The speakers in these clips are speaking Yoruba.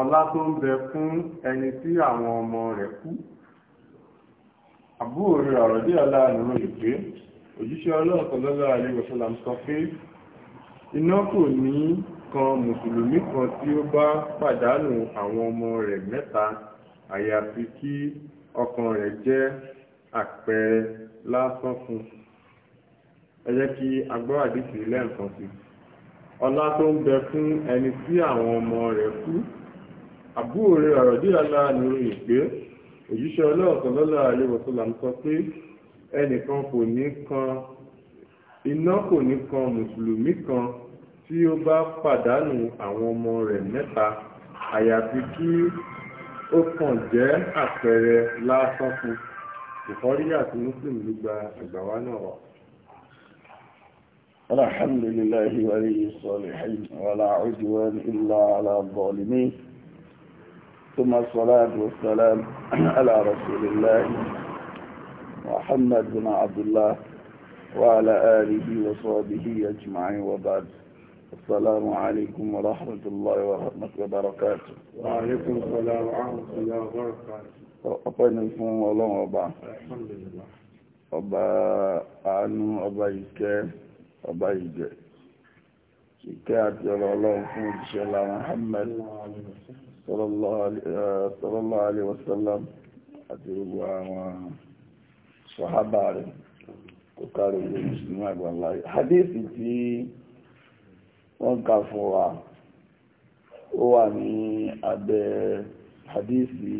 ọlá tó ń bẹ fún ẹni tí àwọn ọmọ rẹ̀ kú àbúrò rẹ̀ ọ̀rọ̀ dí ọlá àlùmọ́ yìí pé òjíṣẹ́ ọlọ́ọ̀kan lọ́lọ́ àlewọ̀sọ́lá sọ pé iná kò ní kan mùsùlùmí kan tí ó bá pàdánù àwọn ọmọ rẹ̀ mẹ́ta àyàfi kí ọkàn rẹ̀ jẹ́ àpẹẹrẹ lásán fún ẹ kí a gbọ́ àdìsí lẹ́ẹ̀kan sí ọlá tó ń bẹ fún ẹni tí àwọn ọmọ rẹ̀ kú àbúrò rẹ̀ àròdí aláàánú ròyìn pé òjíṣẹ́ ọlọ́ọ̀tọ̀ lọ́la àlewọ̀tọ́là ń sọ pé ẹnìkan kò ní kan iná kò ní kan mùsùlùmí kan tí ó bá pàdánù àwọn ọmọ rẹ̀ mẹ́ta àyàfi kí ó kàn jẹ́ àpẹẹrẹ lásán fún ìkọ́rí àti muslim ló gba ìgbàwá náà wà. alhamdulillahi wa alihi salihin wa la udwan illa ala ثم الصلاة والسلام على رسول الله محمد بن عبد الله وعلى آله وصحبه أجمعين وبعد السلام عليكم ورحمة الله ورحمة وبركاته وعليكم السلام ورحمة الله وبركاته أبين الفهم والله وبعد الحمد لله ọba àánú ọba ìkẹ́ ọba ìjẹ ìkẹ́ àti ọ̀rọ̀ ọlọ́run fún òjíṣẹ́ lára Muhammad sọlọ́lọ́ alẹ́ eh, wasallam àti gbogbo àwọn sọ̀hábà rẹ̀ kò kárí ilé mùsùlùmí àgbàlá hadisi tí wọ́n kà fún wa ó wà ní hadisi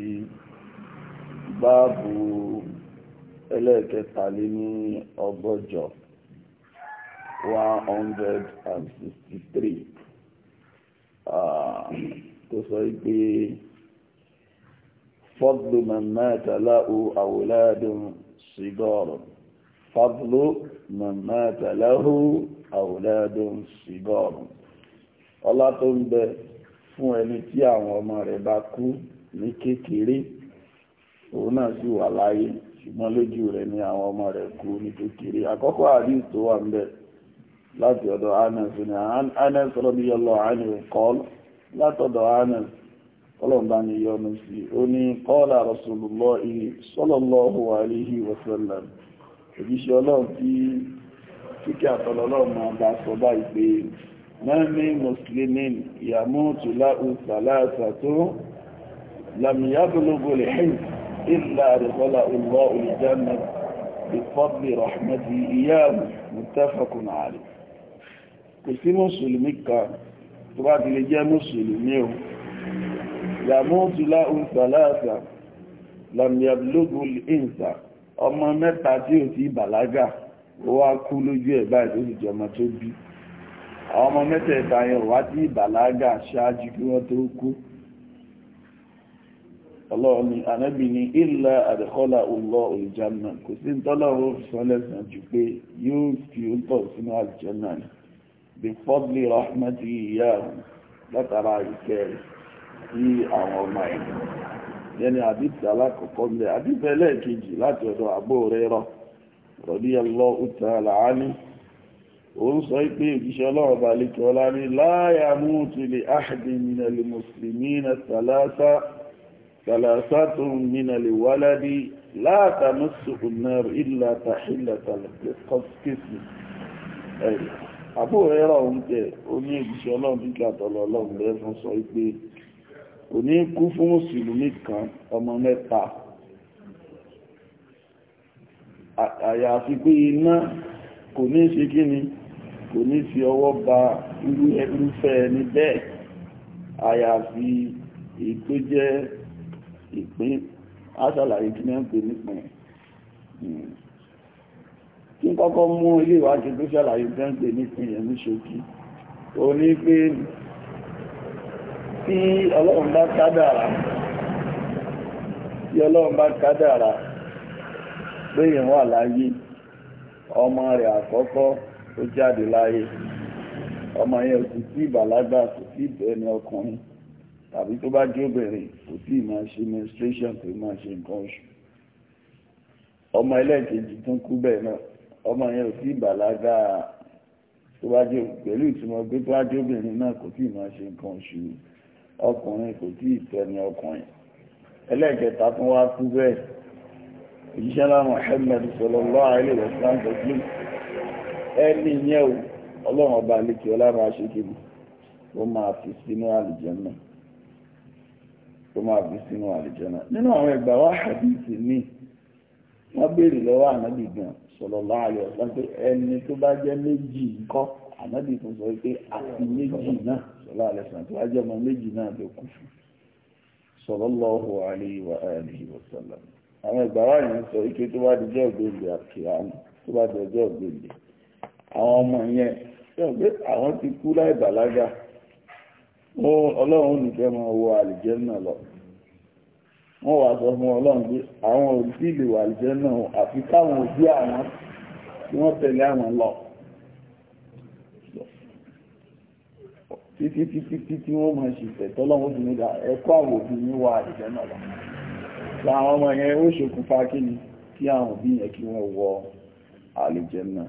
tó sọ pé fadlu man mata lahu awladun sigara fadlu man mata lahu awladun sigara ọlá tó ń bẹ fún ẹni tí àwọn ọmọ rẹ̀ bá kú ní kékeré ṣùgbọ́n lójú rẹ̀ ni àwọn ọmọ rẹ̀ kú ní kékeré àkọ́kọ́ àdí tó wà ń láti látọ̀dọ̀ Anas ọlọ́mbà ni yọnu sí ó ní qala Rasulullahi sallallahu alaihi wa sallam òjíṣẹ́ ọlọ́run tí kíkẹ́ àtọlọ́lọ́run máa bá sọ báyìí pé mẹ́rin muslimin yamutu lahu thalathatun lam yablughu al-hins illa adkhalahu Allahu al-jannah bifadli rahmatihi iyyahu muttafaqun alayh kò sí mùsùlùmí kan tó bá ti lè jẹ́ mùsùlùmí o yàmóòtúlá òǹtàláàtà làmìyàlógún ìǹsà ọmọ mẹ́ta tí ò ti bàlágà ó wá kú lójú ẹ̀ báyìí tó sì jọmọ tó bí àwọn ọmọ mẹ́tẹ̀ẹ̀ta yẹn wá tí bàlágà ṣáájú kí wọ́n tó kú ọlọ́run ni ànábì ní ilẹ̀ àdìkọ́lá ọlọ́ ìjánà kò sí ń tọ́lọ́run fi sọ́lẹ̀sàn jù pé yóò fi ó tọ̀ sínú àlùjànnà ni بفضل رحمتي إياه لترى الكارث في أمرنا يعني عديد ثلاثة قبل عديد ثلاثة جلات ودو أبو هريرة رضي الله تعالى عنه ونصيب به إن شاء الله ذلك لا يموت لأحد من المسلمين ثلاثة ثلاثات من الولد لا تمسه النار إلا تحلة القسم ايوه. àbú rẹ́rọ̀ ń tẹ̀ oní ìbíṣẹ́ ọlọ́run bí kàtọ̀lọ̀ ọlọ́run rẹ̀ fún sọ pé kò ní kú fún mùsùlùmí kan ọmọ mẹ́ta àyàfi pé iná kò ní ṣe kí ni kò ní fi ọwọ́ ba irúfẹ́ ẹni bẹ́ẹ̀ àyàfi èyí tó jẹ́ ìpín á ṣàlàyé kí ní ń pè nípìn ní kọ́kọ́ mú ilé ìwádìí tó ṣàlàyé tẹ́ǹpẹ̀ nípìn ẹ̀ ní ṣókí o ní pé tí ọlọ́run bá kádàrà tí ọlọ́run bá kádàrà béèyàn wà láyé ọmọ rẹ̀ àkọ́kọ́ ó jáde láyé ọmọ yẹn kò tí ìbàlágbà kò tí ìbẹ̀ẹ̀ni ọkùnrin tàbí tó bá jẹ́ kò tí ì ṣe menstruation tó máa ṣe nǹkan oṣù ọmọ ẹlẹ́ẹ̀kejì tún kú bẹ́ẹ̀ náà ọmọ yẹn ò sí ìbàlágà tó bá jẹ́ pẹ̀lú ìtumọ̀ pé tó bá jẹ́ obìnrin náà kò tíì máa ṣe nǹkan oṣù ọkùnrin kò tíì tẹni ọkùnrin ẹlẹ́ẹ̀kẹta tún wá kú bẹ́ẹ̀ òjíṣẹ́ náà Muhammad sallallahu alaihi wasallam ẹni yẹn o ọlọ́run ọba lékè ọlára aṣèkébù ó máa fi sínú àlùjànnà ó máa fi sínú àlùjànnà nínú àwọn ẹgbàá wá hadith ní wọ́n bèèrè lọ́wọ́ ànábì gan sọ̀rọ̀ láàyọ̀ pé ẹni tó bá jẹ́ méjì ńkọ́ ànábì tó sọ àti méjì náà sọ̀rọ̀ àlẹ́ tó bá ọmọ méjì náà kú fún àwọn ìgbà wà sọ ike tó bá di jẹ́ ògbèǹdè tó bá di ọjọ́ àwọn ọmọ yẹn sọ àwọn ti wọ́n wà sọ fún ọlọ́run pé àwọn òbí lè wà lìjẹ́ náà àfi káwọn òbí àwọn tí wọ́n tẹ̀lé àwọn lọ títí títí títí wọ́n máa ṣe ìfẹ̀tọ́ lọ́wọ́ sí nígbà ẹ̀kọ́ àwọn òbí ní wà lìjẹ́ náà lọ láwọn ọmọ yẹn ó ṣokùnfà kí ni kí àwọn òbí yẹn kí wọ́n wọ àlìjẹ́ náà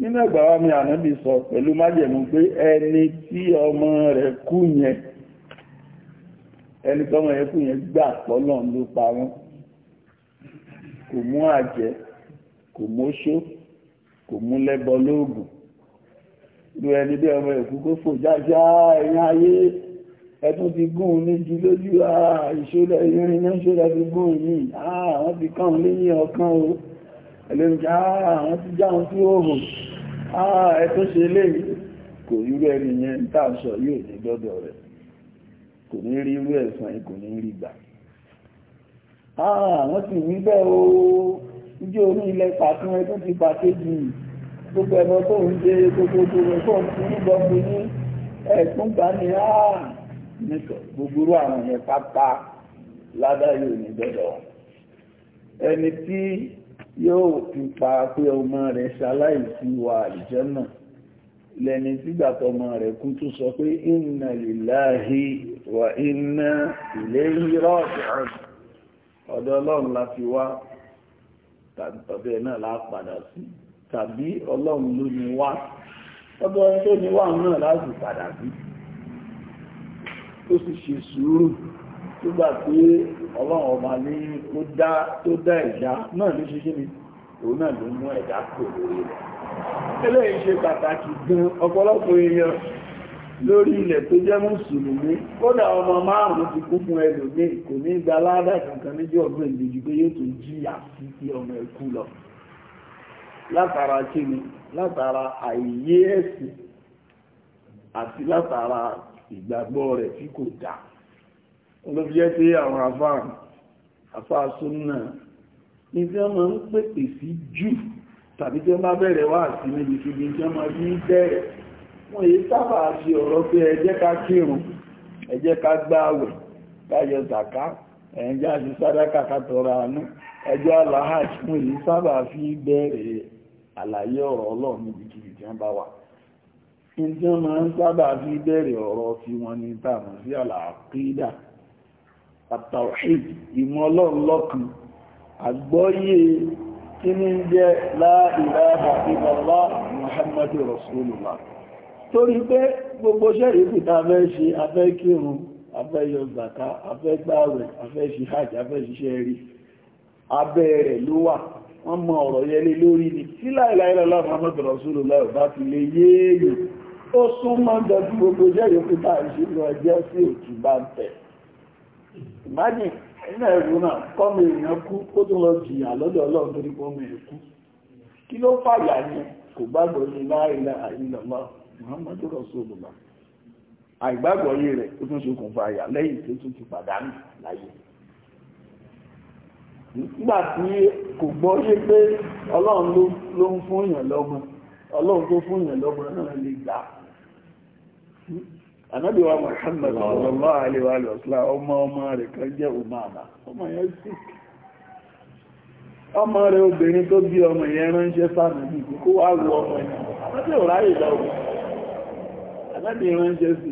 nínú ẹgbàá mi ànábì sọ pẹ̀lú májẹ̀mú pé ẹni tí ọmọ rẹ̀ kú yẹn ẹni tọ́mọ yẹn kù yẹn gbà pọ́lọ̀ ló pa wọ́n kò mú àjẹ́ kò móṣó kò mú lẹ́bọ lóògùn lu ẹni bí ọmọ ẹ̀kú kó fò jájá ẹ̀yìn ayé ẹ̀tún ti gún un níjú lójú ìṣòlẹ̀ ìrìn náà ṣòlẹ̀ ti gún yìí àwọn ti kàn léyìn ọkàn o ẹlẹ́nìkà àwọn ti jáun tí ó hù ẹ̀tún ṣe léyìn kò irú ẹni yẹn ń tà sọ yóò ní gbọ́dọ̀ rẹ̀ kò ní rí irú ẹ̀san yìí kò ní rí gbà àwọn ah, sì wí bẹ́ẹ̀ o ijó orí ilẹ̀ pàtó ẹ tó ti pàkéjì gbogbo ẹ̀rọ tó ń ṣe gbogbo gbogbo tó ń fi nígbà fún yín ẹ̀sùn gbà ní áà ah, nìkan gbogbo àwọn yẹn pátá ládáyò ní gbọ́dọ̀ ẹni tí yóò ti pa pé ọmọ rẹ̀ ṣaláìsí wa àlùjànnà náà lẹ́ni sígbà tọmọ rẹ̀ kú tó sọ pé inna lillahi wa inna ilayhi raji'un ọ̀dọ̀ ọlọ́run láti wá tàbí ẹ̀ náà lápadà sí tàbí ọlọ́run ló ní wá ọdọ̀ ọ̀run tó ní wá náà láti padà sí tó sì ṣe sùúrù nígbà pé ọlọ́run ọba ní ó dá ẹ̀dá náà ló ṣe ṣe ni òun náà ló mú ẹ̀dá kò lórí rẹ̀ eléyìí ṣe pàtàkì gan ọ̀pọ̀lọpọ̀ èèyàn lórí ilẹ̀ tó jẹ́ mùsùlùmí kódà ọmọ márùn-ún ti kún fún ẹlòmíì kò ní gba ládàá kankan níjọ́ ọ̀gbìn ìdíjú pé yóò tún jìyà sí ti ọmọ ẹ̀kú lọ látara kíni látara àìyé ẹ̀sìn àti látara ìgbàgbọ́ rẹ̀ tí kò dá olóbíyẹ́ tí àwọn afáà afáà súnnà ní tí wọ́n máa ń pèpè sí jù tàbí tí wọ́n bá bẹ̀rẹ̀ wá sí níbi tí bí jọmọ bí bẹ̀rẹ̀ wọ́n èyí sábà ṣe ọ̀rọ̀ pé ẹ jẹ́ ká kírun ẹ jẹ́ ká gbáwẹ̀ káyọ zàká ẹ̀yìnjá sí sádákà kátọrọ àánú ẹjọ́ alahaj wọ́n èyí sábà fi bẹ̀rẹ̀ àlàyé ọ̀rọ̀ ọlọ́run níbi kí bí jọmọ kí ní jẹ́ la ilaha illallah muhammadu rasulullah torí pé gbogbo ṣẹ́rífù tá fẹ́ ṣe afẹ́ kírun afẹ́ yọ zaka afẹ́ gbààwẹ̀ afẹ́ ṣe hajj afẹ́ ṣiṣẹ́ rí abẹ́ rẹ̀ ló wà wọ́n mọ ọ̀rọ̀ yẹlé lórí ni tí la imagine iná ẹ̀rù náà kọ́mọ èèyàn kú ó tún lọ jìyà lọ́dọ̀ ọlọ́run torí kọ́mọ èèyàn kú kí ló fàyà yẹn kò gbàgbọ́ ní láìlà àìlọ́lá muhammadu rasulullah àìgbàgbọ́ yìí rẹ̀ ó tún ṣokùnfà fàyà lẹ́yìn tó tún ti pàdánù láyé nígbà tí kò gbọ́ yé pé ọlọ́run ló ń fún ọlọ́run tó fún náà lè anábíwá Muhammad sallallahu alaihi wa sallam ọmọ ọmọ rẹ̀ kan jẹ́ Umama ọmọ yẹn sí ọmọ rẹ̀ obìnrin tó bí ọmọ yẹn ránṣẹ́ sáàmù ní kókó wá rú ọmọ yẹn láti òráyè lọ́wọ́ anábí ránṣẹ́ sí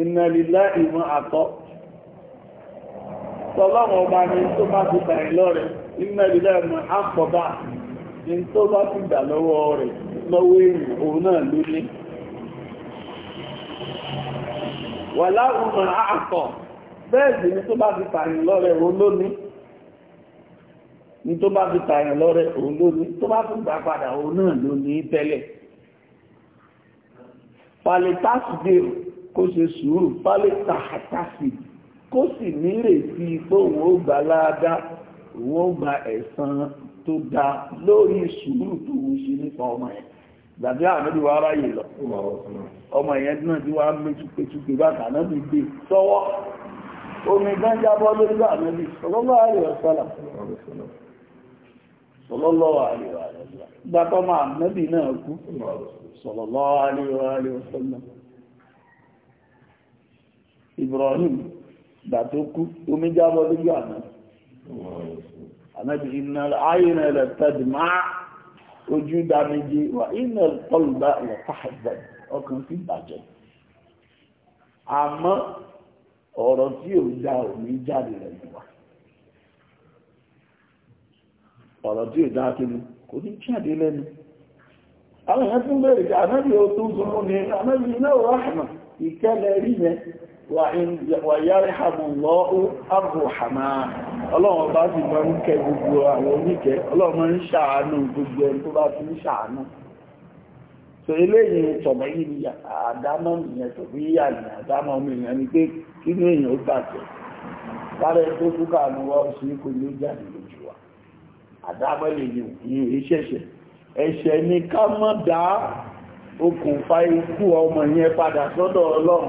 ìnàlélá ìmọ̀ àtọ́ tọ́lọ́wọ́ ọba ni tó ti wà láwùmọ̀ àkọ́ bẹ́ẹ̀ sì ni tó bá fi tààyàn lọ́rẹ̀ òun lónìí ni tó bá fi tààyàn lọ́rẹ̀ òun lónìí tó bá fún gbà padà òun náà lónìí tẹ́lẹ̀ palitásídé kó ṣe sùúrù palitásí kó sì nírètí pé òun gbà láadá òun ó gba tó dá lórí sùúrù tó ń ṣe nípa ọmọ ẹ̀ gbàgbé ànábì wa ráyè lọ ọmọ ìyẹn náà tí wàá gbé túpétúpé bàtà ànábì gbé sọ́wọ́ omi gan jábọ́ lórí bá ànábì sọlọ́lọ́ àrè ọ̀sọ́là sọlọ́lọ́ àrè ọ̀sọ́là gbàtọ́ máa ànábì náà kú sọlọ́lọ́ àrè ọ̀sọ́là Ibrahim gbà tó kú omi jábọ́ lórí ànábì ànábì iná ayé náà ojú dá méjì wà iná tọ́lùbá lọ́tàbẹ̀ ọkàn sí ìbàjẹ́ àmọ́ tí ò dá ní jáde rẹ̀ wà tí ò dá kínú kò ní jáde lẹ́nu àwọn èèyàn tún bẹ̀rẹ̀ kí ní anábì iná ò ráhàmà ìkẹ́lẹ̀ rí yẹn wà yára ọlọ́run bá sì máa ń kẹ gbogbo àwọn oníkẹ ọlọ́run máa ń ṣàánú gbogbo ẹni tó bá ti ń ṣàánú so eléyìí tọ̀mọ̀ yìí ni àdámọ́ ìyẹn tó fi yíyà ní àdámọ́ ọmọ èèyàn ni pé kí ní èèyàn ó gbàjẹ́ lára ẹni tó túkà ní wọ́n sí kò ní jáde lójú wa àdámọ́ èèyàn ní ìṣẹ̀ṣẹ̀ ẹ̀ṣẹ̀ ni ká mọ́ dá okùnfà ikú ọmọ yẹn padà sọ́dọ̀ ọlọ́run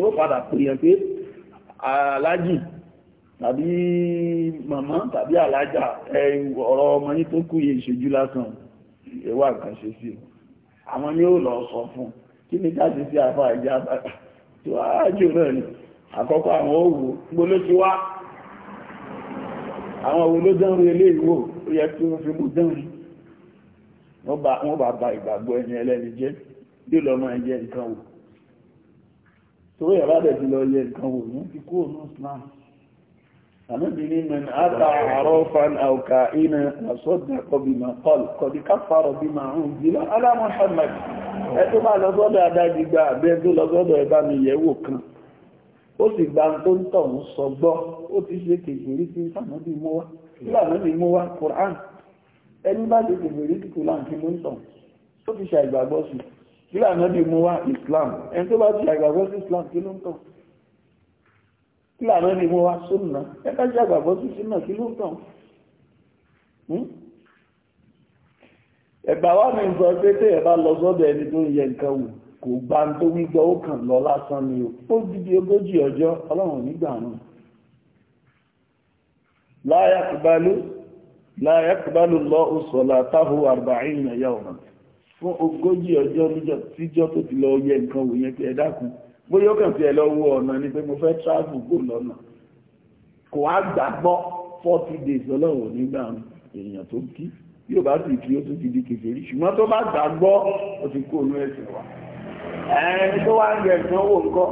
wọ́n padà pèèyàn pé alájì tàbí màmá tàbí alájà ọ̀rọ̀ ọmọ yìí tó kú yìí ìṣojú lásán ẹwà nǹkan ṣe sí àwọn ni ó lọ sọ fún kí ni káàdì sí afá ìjà tó ájò náà ni àkọ́kọ́ àwọn òwò gbóló ti wá àwọn òwò ló dánrú ilé ìwò ó yẹ kí wọ́n fi mú dánrú wọ́n bá ba ìgbàgbọ́ ẹni ẹlẹ́ni jẹ́ bí lọ́mọ ẹjẹ́ nǹkan wò tó yẹ̀ bá dẹ̀ ti lọ yẹ nǹkan wò ní ti kú òun islam àmìbìnrin mẹ́rin àbá àrọ́fàn àwùkà iná àsọ́dà kọbìmọ̀ kọl kọbí káfàrọ̀ bí máa ń jìlá alámọ̀ Muhammad ẹ tó bá lọ sọ́dọ̀ adájígbà abẹ́ tó lọ sọ́dọ̀ ẹ bá mi yẹ̀ wò kan ó sì gba tó ń tọ̀ ń sọ gbọ́ ti ṣe kí lànà bí mú wá islam ẹni tó bá ti àgbàgbọ́ sí islam kí ló ń tàn kí lànà bí mú wá sunna ẹni tó ti àgbàgbọ́ sí sunna kí ló ń tàn hmm? ẹ̀bà wà ní sọ pé tí ẹ̀bà lọ sọ́dọ̀ ẹni tó ń yẹ nǹkan wò kò gbá ń tó wígbọ́ ó kàn lọ lásán ni o ó dídí ogójì ọjọ́ ọlọ́run nígbà náà láyàkùbálú láyàkùbálú lọ́ òṣòlá táhù àrùbáyìn ẹ̀yà ọ̀nà fún ogójì ọjọ́ níjọ́ tíjọ́ tó ti lọ yẹ nǹkan wò yẹn pé ẹ dákun bóyá ó kàn fi ẹ lọ wo ọ̀nà ni pé mo fẹ́ travel kó lọ́nà kò á gbàgbọ́ forty days ọlọ́run nígbà èèyàn tó kí yóò bá sì kí ó tún ti di kèfèrí ṣùgbọ́n tó bá gbàgbọ́ ó ti kó inú ẹ̀sìn wa ẹni tó wá ń yẹ ìdánwò ńkọ́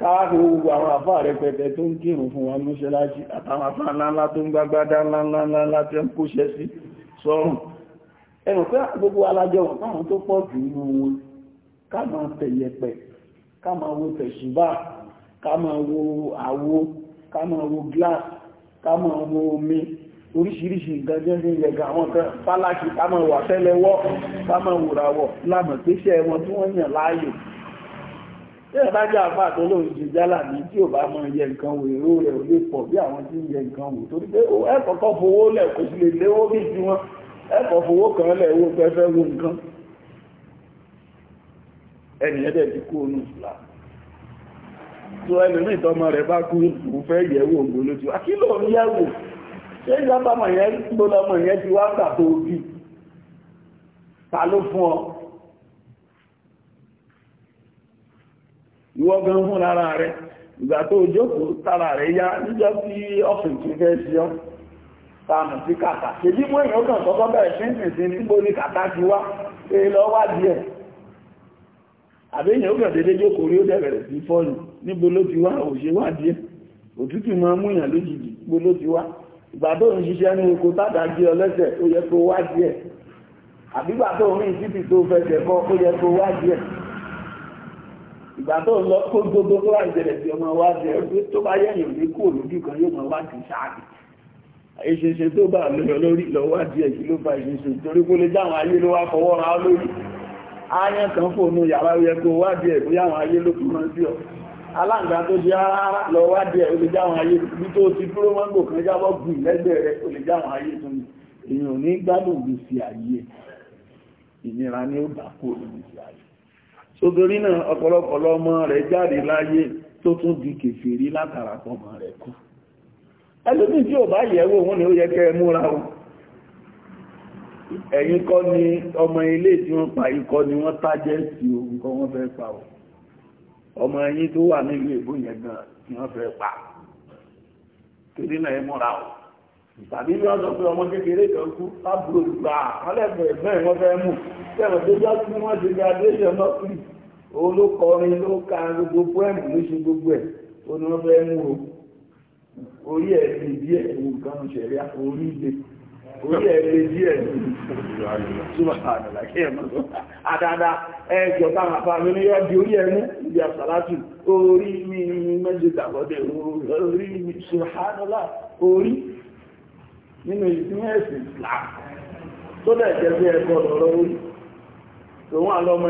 káàkiri gbogbo àwọn àfá rẹpẹtẹ tó ń kírun fún wọn mọ́ṣáláṣí àtàwọn àfá ńláńlá tó ń gbágbádá ńláńláńlá tí ń kóṣẹ́ sí sọ́rùn ẹnu pé gbogbo alájọ wọn káwọn tó pọ̀ jù nínú wọn ká máa tẹ̀yẹpẹ̀ ká máa wo tẹ̀sùbà ká máa wo àwo ká máa wo glass ká máa wo omi oríṣiríṣi ìgbẹ́jẹ́ sí ilẹ̀gà àwọn kan fálákì ká máa wà tẹ́lẹ̀wọ́ ká máa wòràwọ̀ lámọ̀ pé iṣẹ́ wọn tí wọ́n yàn láàyò tẹ́lẹ̀ bá jẹ́ àpá àtọ́ lóun ṣe jálà ní tí ò bá mọ iye nǹkan wò èrò rẹ̀ ò lè pọ̀ bí àwọn tí ń yẹ nǹkan wò torí pé ẹ fowó lẹ̀ kò sì lè léwó bí tiwọn ẹ̀kọ́ fowó kan lẹ́wọ́ pẹ́fẹ́ wo nǹkan ẹnìyàn dẹ̀ ti kú onú ìsìlá tó ẹlòmí ìtọ́mọ rẹ̀ bá kú òun fẹ́ yẹ̀wò ògbó lójú àkílò ń yẹ̀wò ṣé ìyábàmọ̀ yẹn yẹn ti wá gbà tó bí ta ló ọ ìwọ gan fún lára rẹ̀ ìgbà tó jókòó tára rẹ̀ yá níjọ́ tí ọ́fìn ti fẹ́ sí ọ́ tààmù sí kàtà ṣèbí mú èèyàn kàn tọ́kọ́ bẹ̀rẹ̀ sí ìsìn nígbó ní kàtà ti wá èèlọ wá díẹ̀ àbẹ́yàn kàn dédé jókòó rí ó dẹ̀bẹ̀rẹ̀ sí fọ́ọ̀lù níbo ló ti wá òṣè wá díẹ̀ òtútù máa mú èèyàn lójijì níbo ló ti wá ìgbà tó ń ṣiṣẹ́ ní oko tádà gé ọ lẹ́sẹ̀ ó yẹ kó wá díẹ̀ àbígbà tó ń rìn títì tó fẹsẹ̀ bọ́ ó yẹ kó wá díẹ̀ ìgbà tó ń lọ kó gbogbo tó wà ìṣẹ̀lẹ̀ sí ọmọ wá díẹ̀ tó bá yẹ̀yìn òní kúrò lójú kan yóò mọ wá kì í ṣáàkì ìṣeṣe tó bá lóyọ lórí lọ́wọ́ díẹ̀ kí ló fa ìṣeṣe torí kó lè jáwọn ayé ló wá fọwọ́ ra lórí ayẹ́ kan fòónú yàrá yẹ kó wá díẹ̀ kó yáwọn ayé ló kúrò sí ọ aláǹgbá tó jẹ́ rárá lọ wá díẹ̀ ó lè jáwọn ayé bí tó ti dúró mọ́ngò kan jábọ́ gùn lẹ́gbẹ̀ẹ́ rẹ̀ ó lè jáwọn ayé tó ní èèyàn ní gbádùn gbèsè ayé ìnira ni ó bà kó gbèsè tún di kèfèrí látara pọ̀mọ rẹ̀ kú ẹlòmíì tí ò bá yẹ̀wò wọn ni ó yẹ kẹ́ múra o ẹ̀yin kọ́ ni ọmọ ilé tí wọ́n pa ikọ́ ni wọ́n tájẹ́ sí ohun kọ́ wọ́n fẹ́ pa o ọmọ ẹ̀yin tó wà nílùú èbó yẹn gan ni wọ́n fẹ́ pa torí náà ẹ múra o tàbí bí wọ́n sọ pé ọmọ kékeré kan kú lábúrò gbà wọ́n lẹ́gbẹ̀ẹ́ ẹ̀gbẹ́ fẹ́ mú sẹ́wọ̀n tó já sí wọ́n ti graduation náà kù ló ka gbogbo poem ló ṣe gbogbo ẹ̀ ó ní wọ́n fẹ́ mú o. orí ẹ̀rẹ́ díẹ̀ ìwò kan orí ilé orí ẹ̀rẹ́ àdáadáa táwọn ní yọ́ di orí ẹ̀mú orí mi mẹ́jọ tàbọ́dẹ̀ orí mi ṣùhánọ́lá orí nínú ìsinmẹ́sì tó dẹ̀ jẹ́ ẹ̀kọ́ orí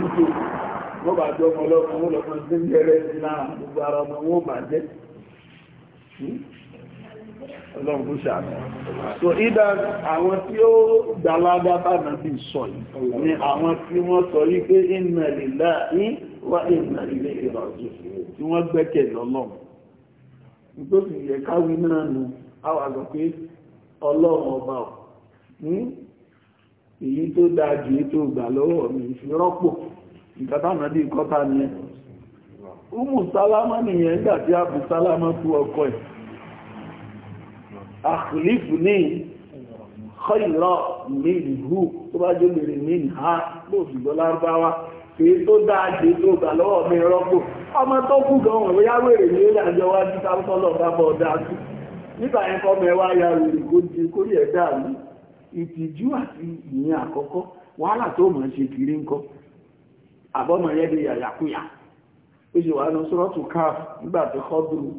orí wọ́n bá jọ ọmọ lọ́wọ́ wọn lọ́pọ̀ sí ń bẹ̀rẹ̀ sí gbogbo ara ọmọ wọn bà jẹ́ ọlọ́run kó ṣàmì so ìdá àwọn tí ó gbàlágá bánà bí sọ yìí ni àwọn tí wọ́n sọ yìí pé inna lillahi wa inna ilayhi raji'un tí wọ́n gbẹ́kẹ̀ lọ́lọ́run tó sì yẹ káwí náà nù àwọn àgbà pé ọlọ́run ọba hmm? èyí tó ìkàtàmà dí ìkọta ni umu salama nìyẹn nígbà tí abu salama kú ọkọ ẹ̀ àkìlífù ní khayra minhu tó bá jẹ́ mèrè min ha lóòsùgbọ́ lárúbáwá èyí tó dáadé tó gbà lọ́wọ́ mi rọ́pò ọmọ tó kú gan-an wọ́n ya rèrè kó di kórìí ẹ̀dá mi ìtìjú àti ìyẹn àkọ́kọ́ wàhálà tó mọ̀ ṣe kiri ńkọ́ àbọ́mọ̀ yẹ́ bí yàyàkúyà ó sì wà ní sọ́rọ̀tù káf nígbà tí kọ́dùrù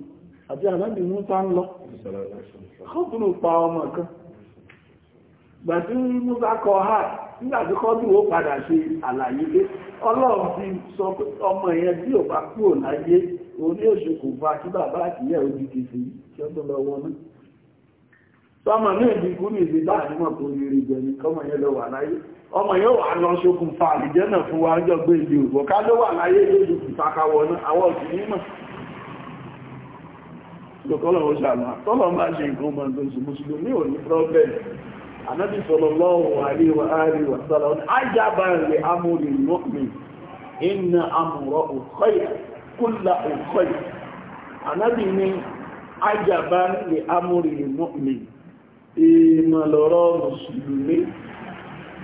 àti ànábì Mùsá ń lọ kọ́dùrù pa ọmọ kan gbà tí Mùsá kọ ha nígbà tí kọ́dùrù ó padà ṣe àlàyé pé Ọlọ́run ti sọ pé ọmọ yẹn bí ò bá kúrò láyé orí òṣù kò fa kí bàbá àtìyẹ òjijì sí tí ó tó lọ wọn náà sọmọ náà bí kú ní ìdí bá àdúmọ̀ láyé ọmọ yóò wà lọ ṣokùnfà àlìjẹ́ náà fún wa ọjọ́ gbé ìlú ògbò ká ló wà láyé lójú ìfàkàwọ̀ àwọn òsì mímọ̀ lókọ́lọ̀ ó ṣàlá tọ́lọ̀ bá ṣe nǹkan ọmọ tó ṣe mùsùlùmí ò ní problem anábì sallallahu alaihi wa alihi wa sallam ajaba li amri mu'min ní ajaba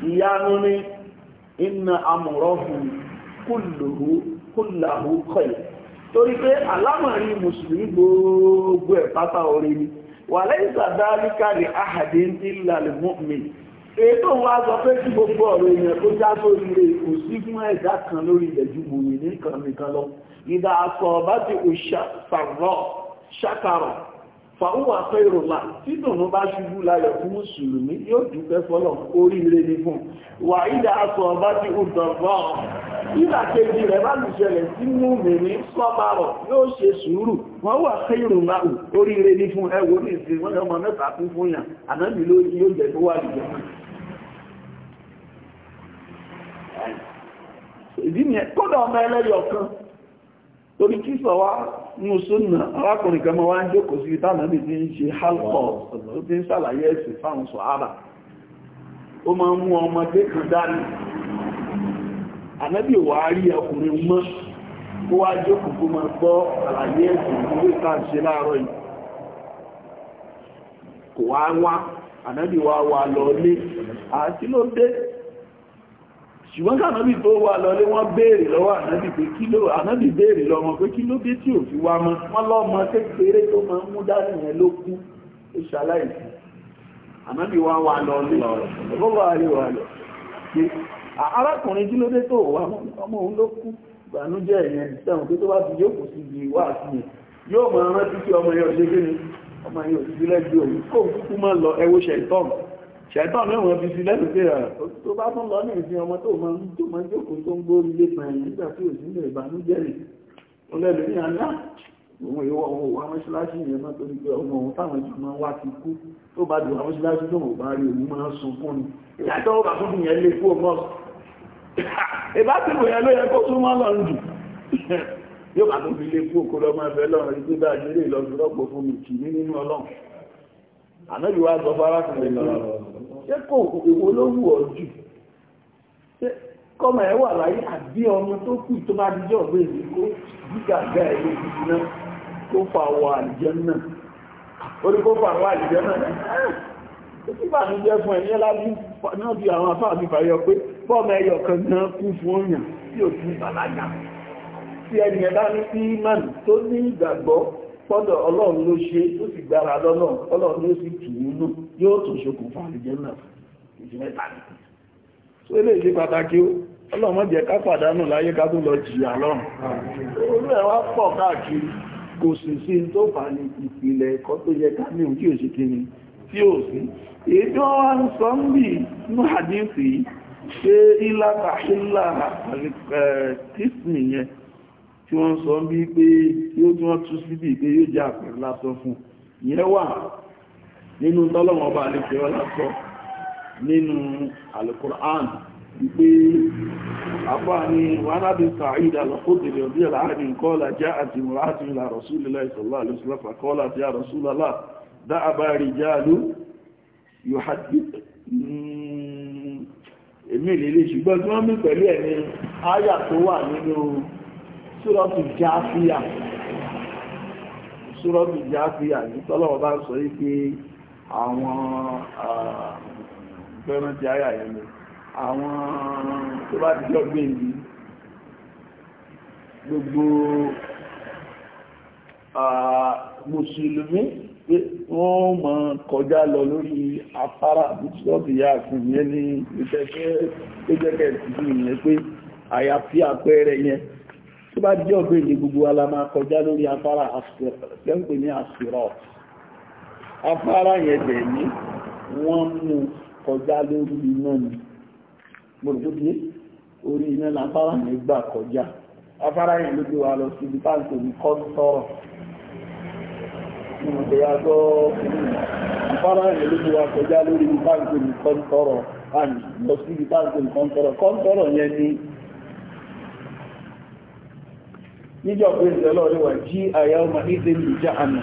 ìyanu ni inna amúrọ́hù kúlùhù kúlàhù kọ̀yẹ̀ torí pé alámọ̀rí mùsùlùmí gbogbo ẹ̀ pátá orí ni wà lẹ́yìn sàdáríkà ní àhàdé illa al-mu'min ètò wa sọ pé tí gbogbo ọ̀rọ̀ èèyàn tó já sórí rẹ̀ kò sí fún ẹ̀dá kan lórí ilẹ̀ ju mùmí nìkan nìkan lọ ìdá àsọ̀ bá ti òṣà sàrọ̀ ṣàkàrọ̀ fàwọ́wà fẹ́ ìrọ̀lá tí dùnú bá ṣubú láyọ̀ fún mùsùlùmí yóò dúpẹ́ fọ́lọ̀ oríire ní fún wà ìdá aṣọ ọba tí ó dọ̀gbọ́ ìlà kejì rẹ̀ bá lù ṣẹlẹ̀ sí mú mi ní sọ́bàrọ̀ yóò ṣe sùúrù wọ́n wà fẹ́ ìrọ̀lá oríire ní fún ẹwọ ní ìsìn wọ́n lọ́mọ mẹ́ta kún fún yàn ànábì ló yóò jẹ́ tó wà lùjọ ìdí nìyẹn kódà ọmọ ẹlẹ́yọ̀ kan torí kí sọ wá ní súnà arákùnrin kan wá ń jókòó sí ìtànàbí tí ń ṣe halkọ̀ tó ti ń sàlàyé ẹ̀sìn fáwọn sọ̀hábà ó máa mú ọmọdé kan dání ànábì wà á rí ọkùnrin mọ́ kó wá jókòó kó máa gbọ́ ṣùgbọ́n kànábì tó wà lọlé wọ́n béèrè lọ́wọ́ ànábì pé kí ló ànábì béèrè lọ́mọ pé kí ló dé tí ò fi wá mọ́ wọ́n lọ́mọ kékeré tó máa ń mú dání yẹn ló kú ó ṣaláìsí ànábì wá wà lọlé ọgbọ́n wà lè wà lọ pé arákùnrin kí ló dé tó wà ọmọ òun ló kú ìbànújẹ́ ìyẹn sẹ́wọ̀n pé tó bá ti yókù sí ibi ìwà àti yóò máa rántí kí ọmọ yẹn ò ṣe kí ni ọmọ yẹn ò sí lẹ́gbẹ̀ẹ́ òun kó kúkú má lọ ẹwọ́ ṣe ìtọ́nù ṣẹ̀tọ́ ní òun fi sí lẹ́nu pé tó bá tún lọ ní ìsìn ọmọ tó máa ń tó máa ń jókòó tó ń gbórí lé pa ẹ̀yìn nígbà tí òsì ilẹ̀ ìbànújẹ́ rẹ̀ òun lẹ́nu ní àná òun ìwọ òun wà mọ́ṣáláṣí yẹn náà torí pé ọmọ òun táwọn ìjọ máa ń wá ti kú tó bá dùn àwọn mọ́ṣáláṣí tó wọ́n bá rí òun máa ń sun fún ni ìyàtọ̀ ó bá tún fi yẹn lé kú ọmọ ìbá tí mo yẹn ló yẹ kó tún mọ́ lọ́rùn jù yóò bá tún fi lé kú òkú lọ́mọ ẹ̀fẹ́ lọ́rùn ànábì wa sọ fara kan lè lọ ṣé kò èwo ló wù ọ jù ṣé kọ́mọ ẹ wà láyé àbí ọmọ tó kù tó bá di jọ pé èyí kó gíga gá ẹ ló ti ná kó fa wọ àjẹ náà ó ní kó fa wọ àjẹ náà ó sì bá mi jẹ fún ẹ ní ẹlábí náà bí àwọn afá mi fàyọ pé bọ́ọ̀mù ẹyọ kan náà kú fún òyàn tí ò tún bàlágà tí ẹnìyẹn bá ní sí imán tó ní ìgbàgbọ́ pọ́dọ̀ ọlọ́run ló ṣe ó sì gbára lọ́nà ọlọ́run ló sì tù ú lò yóò tún ṣokùnfà àlùjẹ́nà ìjì mẹ́ta ni tó lè ṣe pàtàkì ọlọ́run jẹ́ ká pàdánù láyé lọ jìyà lọ́run olú ẹ̀ wá pọ̀ káàkiri kò sì sí tó fà ní ìpìlẹ̀ ẹ̀kọ́ tó yẹ ká ní tí ó èdè ń tí wọ́n sọ ń bí pé yóò tí wọ́n tú síbí pé yóò jẹ́ àpẹẹrẹ lásán fún ìyẹn wà nínú tọ́lọ́wọ́n ọba àlejò ọlásọ nínú alukur'an wípé apá ni wàhálàbí sa'id alakódèrè ọdí aláàrí kọ́ọ̀lá já àti mùráàtì ìlà rọ̀súlélá ìsọ̀lá àlùsùlọ́fà kọ́ọ̀lá ti a rọ̀súlọ́lá dáàbà rí jáàlú yóò hajjí èmi lè lè ṣùgbọ́n tí wọ́n mú pẹ̀lú ẹ̀mí áyà tó wà nínú súrọ́tù jáfíà súrọ́tù jáfíà ní tọ́lọ́wọ́ bá ń sọ yí pé àwọn fẹ́ràn ti àyà yẹn lọ àwọn tó bá ti jọ gbé ìlú gbogbo mùsùlùmí wọ́n máa kọjá lọ lórí afárá bíṣọ́ọ̀bù yá àfihàn yẹn ní ìtẹ́kẹ́ tó jẹ́kẹ̀ẹ́ sí ìyẹn pé àyàfi àpẹẹrẹ yẹn tó bá jẹ́ ọ̀gbẹ́ ìdí gbogbo ala máa kọjá lórí afárá àṣìpẹ́ ní àṣìrọ̀ afárá yẹn dẹ̀ ní wọ́n mú kọjá lórí iná ni gbòrògbòdìé orí iná láfárá yẹn gbà kọjá afárá yẹn ló gbé wa lọ sí ibi táǹkì ní kọ́sọ́rọ̀ ìmọ̀tẹ̀yàtọ̀ afárá yẹn ló gbé wa kọjá lórí ibi táǹkì ní kọ́sọ́rọ̀ níjọ́ pé ìṣẹ́lọ́ ríwà jí àyà ọmọ ìdí ní jáàmù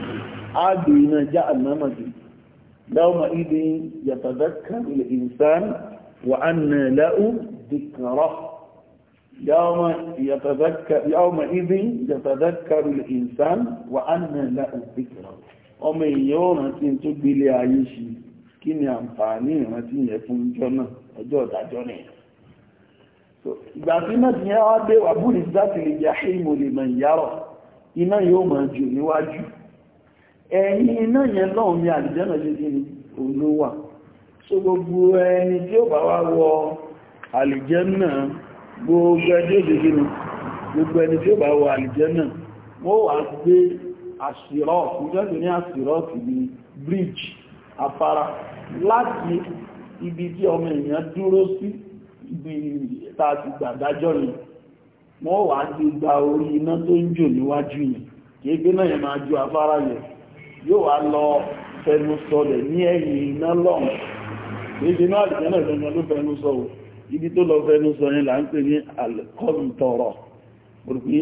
ágbè iná jáàmù mọ́jú láwọmọ ìdí yàtàdákàrù ìsán wà ánà láú dìkàrọ̀ yàwọmọ ìdí yàtàdákàrù ìsán wà ánà láú dìkàrọ̀ ọmọ èèyàn ó rántí tó gbélé ayé ṣe kí ni àǹfààní ìrántí ile isan wa ọjọ́ náà ọjọ́ ìdájọ́ nìyẹn ìgbà tí náà ti yẹ́ wá dé wà búrì láti lè jẹ́ àṣírí lè mọ̀ ìyárọ̀ iná yóò mọ̀ jù níwájú ẹ̀yìn iná yẹn lọ́hùn ní àlìjẹ́nà jíjí ni olówà so gbogbo ẹni tí ó bá wá wọ àlìjẹ́nà gbogbo ni ẹni tí ó bá wọ àlìjẹ́nà wọ́n wà gbé àṣírọ́ọ̀tì bridge afárá láti ibi tí ọmọ èèyàn dúró sí bí tààtì gbàdájọ́ ni wọ́n wà ti gba orí iná tó ń jò níwájú yìí kìí náà yẹn máa ju afárá yóò wá lọ fẹnu sọlẹ̀ ní ẹ̀yìn iná lọ́hùn kìí náà fẹnu ló fẹnu sọ o ibi tó lọ fẹnu sọ là ń pè ní tọrọ òrùpí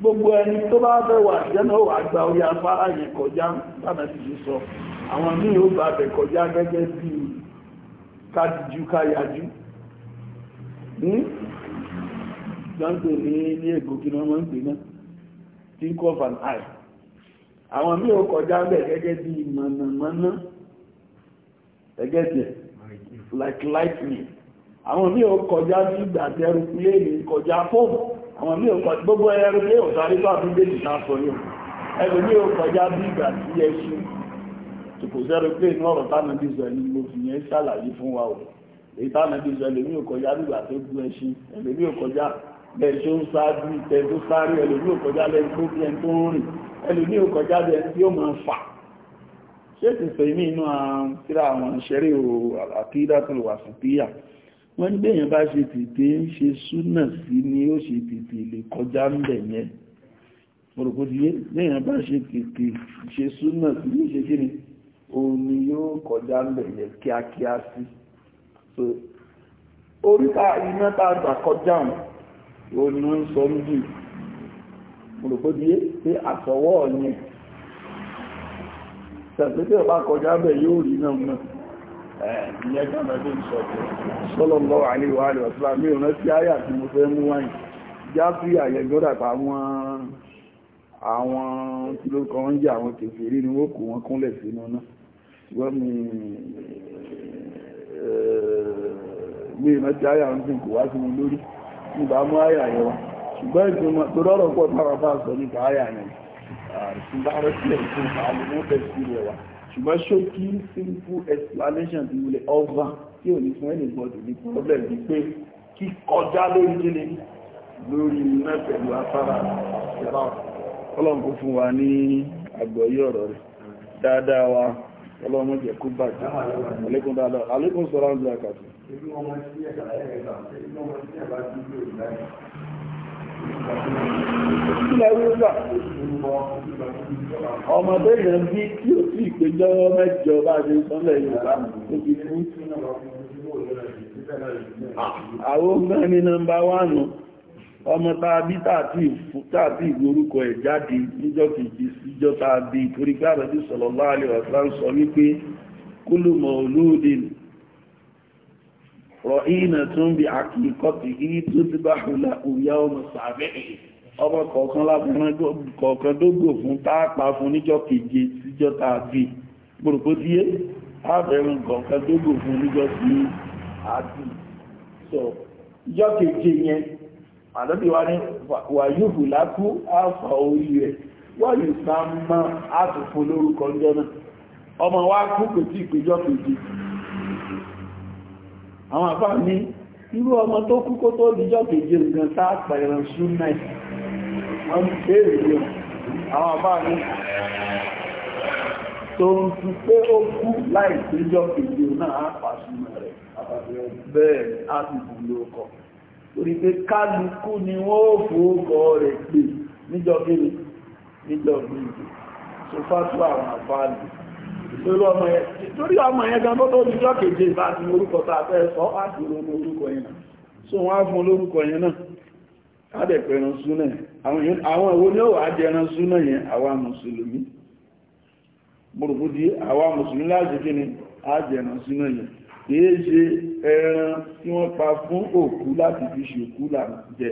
gbogbo ẹni tó bá fẹ́ wà jẹ́ náà wà gba orí afárá yẹn kọjá sọ àwọn kájíjú káyájú jọ́ǹtò hmm? ní ilé ẹ̀kọ́ kí wọ́n mọ́ ń think of an eye àwọn mí ò kọjá bẹ̀ gẹ́gẹ́ bí mọ̀nàmọ́ná like lightning àwọn mí ò kọjá bí ìgbà tí ẹrùpléèlì kọjá fóòmù àwọn mí ò kọjá gbogbo ẹrùpléèlì ò sáré tó àbúgbé ìtàṣọ yóò ẹrùpléèlì ò kọjá bí ìgbà tí kò sẹ́rọ pé inú ọ̀rọ̀ tánàbí sọ ẹni mo fi yẹn ṣàlàyé fún wa o èyí tánàbí sọ ẹlòmí ò kọjá nígbà tó gún ẹṣin ẹlòmí ò kọjá bẹ́ẹ̀ tó ń ṣáájú ìtẹ́ tó sáré ẹlòmí ò kọjá lẹ́yìn tó fi ẹni tó ń rìn ẹlòmí ò kọjá bẹ́ẹ̀ tí ó máa fà ṣé ti sọ inú inú àtìrà àwọn ìṣeré o àkídá tó wà sí píyà wọ́n ní bẹ́yẹn bá ṣe tètè ń ṣe súnà sí ni ó ṣe tètè lè kọjá ń bẹ̀ yẹn mo rò kó ti yé bẹ́yẹn bá ṣe tètè ṣe súnà sí ni ó ṣe kí ni òun ni yóò kọjá ń kíákíá so oríta iná tá a gbà kọjá òun ni wọ́n ń sọ ń dì pé àtọwọ́ yẹn tẹ̀síkẹ́ ọba kọjá bẹ̀ yóò rí náà náà ìyẹn gbọ́nà bí sọ sọ́lọ́lọ́ àwọn tí ló kọ́ ń jẹ́ àwọn kèfèrí ni wọ́n kó wọn kúnlẹ̀ sínú náà ṣùgbọ́n mi gbé eh, ìrántí àyà ń sìn kò wá sí mi lórí nígbà mú àyà yẹn wá ṣùgbọ́n ìgbìmọ̀ tó rọrọ̀ pọ̀ táwọn bá sọ nípa àyà yẹn ṣùgbọ́n sílẹ̀ fún àlùmọ́ tẹ̀sí rẹ̀ wá ṣùgbọ́n ṣókí simple explanation ti wulẹ̀ over tí ò ní fún anybody ní ọlọ́run kó fún wa ní àgbọ́yé ọ̀rọ̀ rẹ̀ dáadáa wa ọlọ́run jẹ́ kó bàjẹ́ àlékún dáadáa àlékún sọ́rọ̀ ń gbà kàtù ọmọdé yẹn bí kí o sí ìpéjọ́ mẹ́jọ bá ṣe sọ́lẹ̀ Yorùbá tó fún àwọn mẹ́rin nọ́mbà wánù ọmọ tàbí tàbí ìgbórúkọ ẹ̀ jáde níjọ́ kìí síjọ́ tàbí ìtoríká àrẹ́bí sallallahu alaihi wasallam sọ wípé kullu mawludin rọ̀hínà tún bí àkíkọ́tì yìí tó ti bá hùlà òyà ọmọ sàbẹ̀ ọmọ kọ̀ọ̀kan lábẹ́rán kọ̀ọ̀kan dógò fún táàpá fún níjọ́ keje síjọ́ tàbí gbòròkó tí yé ábẹ̀rún kọ̀ọ̀kan dógò fún níjọ́ sí àti sọ ìjọ́ keje àdọ́bí wa ní wàyúhù lákú àfà orí rẹ̀ wọ́n yìí sá mọ́ àtùfò lórúkọ jẹ́ náà ọmọ wa kú kò tí ìpéjọ́ kejì àwọn àfà ní irú ọmọ tó kú kó tó díjọ́ kejì nǹkan tá pẹ̀rẹ̀ súnmẹ́ wọ́n bèèrè yọ àwọn àfà ní tó ń fi pé ó kú láì péjọ́ kejì náà àpàṣùmọ̀ rẹ̀ bẹ́ẹ̀ á ti bù lóòkọ̀ọ́ torí pé kálukú ni wọ́n ó fòókọ rẹ̀ pè níjọ́gírí níjọ́gírí tó fású àwọn àfáàlì torí ọmọ yẹn gan tó tó níjọ́ keje bá ti orúkọ tó sọ láti orúkọ yẹn so wọ́n á fún olórúkọ yẹn náà kádẹ̀pẹ̀ ẹran àwọn ìwò ó wà àwa á kìí ṣe ẹran tí wọ́n pa fún òkú láti fi ṣòkú là ń jẹ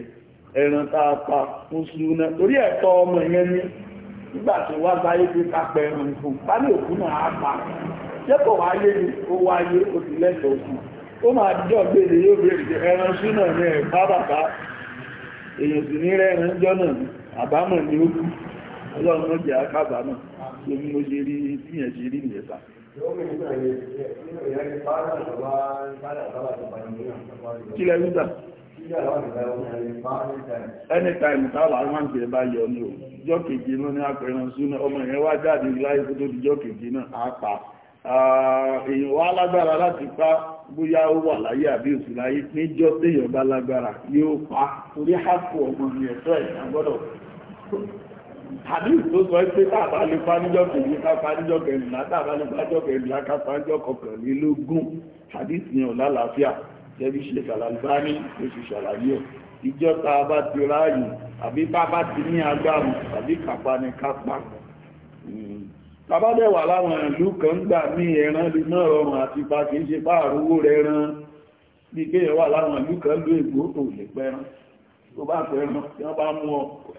ẹran tá a pa fún súná torí ẹ̀tọ́ ọmọ yẹn ní nígbà tó wá sáyé pé ká pẹ ẹran fún bá ní òkú náà á pa ṣé kò wáyé ni ó wáyé ó ti lẹ́tọ̀ọ́ fún ó máa jọ gbèdè yóò bèèrè ẹran súná ní ẹ̀fá bàbá èèyàn sì ní rẹ́ran jọ́nà àbámọ̀ ni ó kú ọlọ́run ó jẹ́ akábàámọ̀ lómi mo ṣe rí bí yẹn ṣe rí nìyẹn kílẹ̀ yúdà anytime táwọn àwọn ka ọ bụ yọ ní o jọ́ náà ní àpẹẹrẹ súnà ọmọ ìyẹn wá jáde láì kó di jọ́ kejì náà á pa wá lágbára láti pa bóyá ó wà láyé àbí òsì láyé bá lágbára yóò torí ọmọ ẹ̀ hadith tó sọ pé tàbá lè fánijọ́ kẹ̀lú káfánijọ́ kẹrìnlá tàbá lè fánijọ́ kẹrìnlá káfánijọ́ kọkànlélógún hadith yẹn ò lálàáfíà jẹ́bí ṣe kàlàlùbá ní oṣù ṣàlàyé ọ̀ ìjọ tá a bá ti ráàyè àbí bá bá ti ní agbára tàbí kápá ni kápá tàbá dẹ̀ wà láwọn ìlú kan gbà ní ẹran lè náà rọrùn àti pa kì í ṣe bá àrúwó rẹ ran bí kéèyàn wà láwọn ìlú kan ló ègbó tó lè pẹran tó bá pẹran tí wọ́n bá mú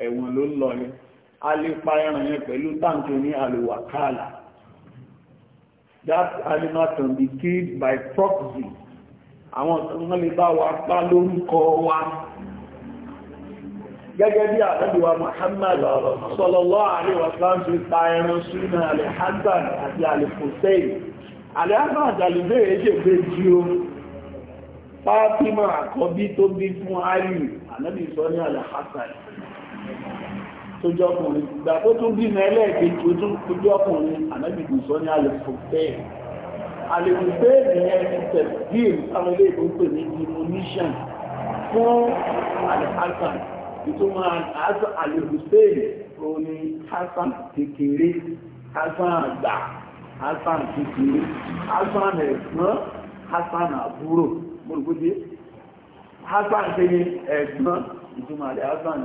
ẹ̀wọ̀n ló ń lọ yẹn a lè pa ẹran yẹn pẹ̀lú táǹkì ní àlùwàkálà that animal can be killed by proxy àwọn ọ̀sán lè bá wa pa lórúkọ wa gẹ́gẹ́ bí àtàdíwà Muhammad sallallahu alaihi wasallam ti pa ẹran súnà alẹ́hazard àti alẹ́fòsẹ́ì alẹ́hazard àti alẹ́bẹ̀rẹ̀ ṣègbè jí o Fátímà àkọ́bí tó bí fún Àlì ànábì sọ ní alẹ́hazard tó ọkùnrin ìgbà tó tún bí mẹ́lẹ́ẹ̀kejì tó ọkùnrin ànábìbì sọ ní alẹ́fọ̀fẹ́ alẹ́fọ̀fẹ́ ìyẹn ti tẹ̀sí àwọn pè ní diminution fún alẹ́fọ̀fẹ́ ìtumọ̀ alẹ́fọ̀fẹ́ òní hasan kékeré hasan àgbà hasan kékeré hasan ẹ̀gbọ́n àbúrò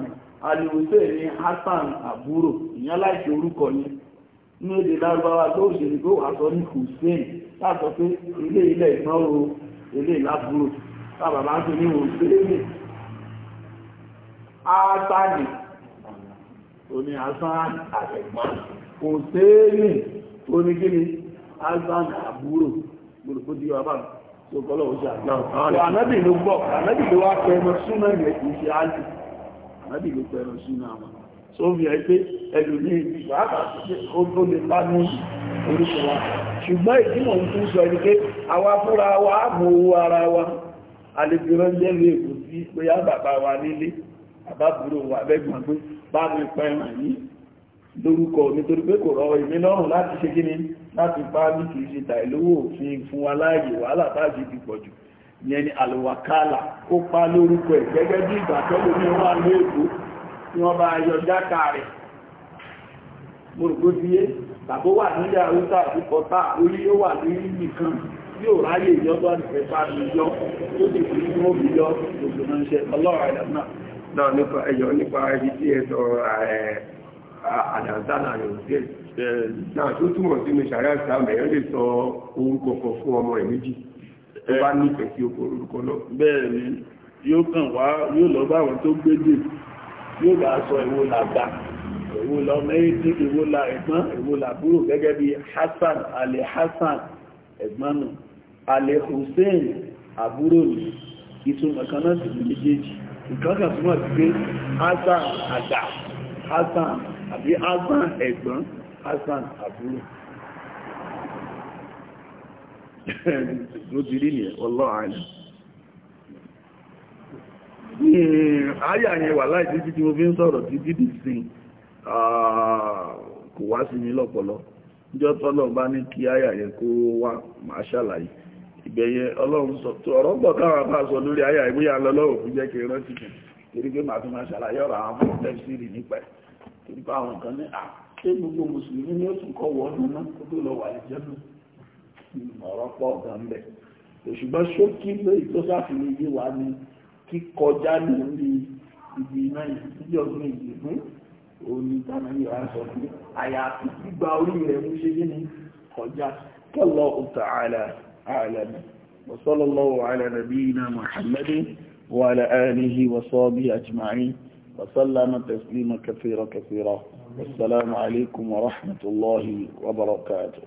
ni alìwòsè ní Hassan àbúrò ìyẹn láìsí orúkọ ní ní èdè lárúbáwá tó òṣèlú pé wàá sọ ní Hussein láàsọ pé ilé ilẹ̀ ìgbọ́n o ilé ìlàbúrò tá bàbá ń pè ní Hussein Hassani oní Hassan àtẹ̀gbọ́n Hussein oníkíni Hassan àbúrò gbòdògbò di wàá bàbá tó kọ́ lọ́wọ́ sí àgbà ọ̀hún. ànábì ló gbọ́ ànábì ló wá pẹ́ mọ́ súnmọ́ ìrẹsì ìṣe àjò àbí ló pẹ̀rọ sínú àwọn tó bí ẹ pé ẹlùmí ìgbìyànjú àbáṣe ó tó lè bá ní orúkọ wa ṣùgbọ́n ìdímọ̀ tó sọ ní pé àwa fúnra wa ààbò owó ara wa alẹ́bìrán lẹ́lú èkó sí pé á bàbá wa nílé àbábúrò wa bẹ́gbọ̀n pé bá mi pẹ̀ràn yìí lórúkọ nítorí pé kò rọ ìmí lọ́rùn láti ṣe kíni láti bá ní kìí ṣe tàìlówó òfin fún wa láàyè wàhálà táàjì ti pọ̀jù yẹn ni àlùwàkálà ó pa lórúkọ ẹ̀ gẹ́gẹ́ bí ìgbà tọ́lú ní wà ní èkó tí wọ́n bá yọ jáka rẹ̀ mo rò pé bíyé tàbó wà ní ilé wa àti kọta orí ó wà ní nìkan yóò ráyè ìjọba ìfẹ́ bá mi yọ tó sì fi ní wọ́n mi yọ gbogbo náà ń ṣe ọlọ́run ẹ̀dá náà náà nípa nípa ibi tí ẹ sọ náà tó túmọ̀ fún ọmọ tó bá nífẹ̀ẹ́ sí oko orúkọ lọ. bẹ́ẹ̀ ni yóò kàn wá yóò lọ bá àwọn tó gbédè yóò bá sọ èwo làgbà èwo lọmọ èdè èwo la ẹ̀gbọ́n èwo làbúrò Hassan alẹ́ Hassan ẹ̀gbọ́n nù alẹ́ Hussein àbúrò ní ìtumọ̀ kan náà sì ní méjèèjì ìkọ́kà túnmọ̀ sí pé Hassan àgbà Hassan àbí Hassan ẹ̀gbọ́n Hassan àbúrò ló ti rí nìyẹn ọlọ́run àìlẹ̀ ní wà láìsí títí mo fi ń sọ̀rọ̀ títí dì sí kò wá sí mi lọ́pọ̀lọ́ níjọ́ tọ́lọ̀ bá ní kí àyà yẹn kó wá máa ṣàlàyé ìgbẹ̀yẹ ọlọ́run kí ọ̀rọ̀ pọ̀ gan òṣùgbọ́n ṣókí lóyè ibi iná òní gbígba orí rẹ̀ mú ṣe yé kọjá وسلم تسليما كثيرا كثيرا والسلام عليكم ورحمة الله وبركاته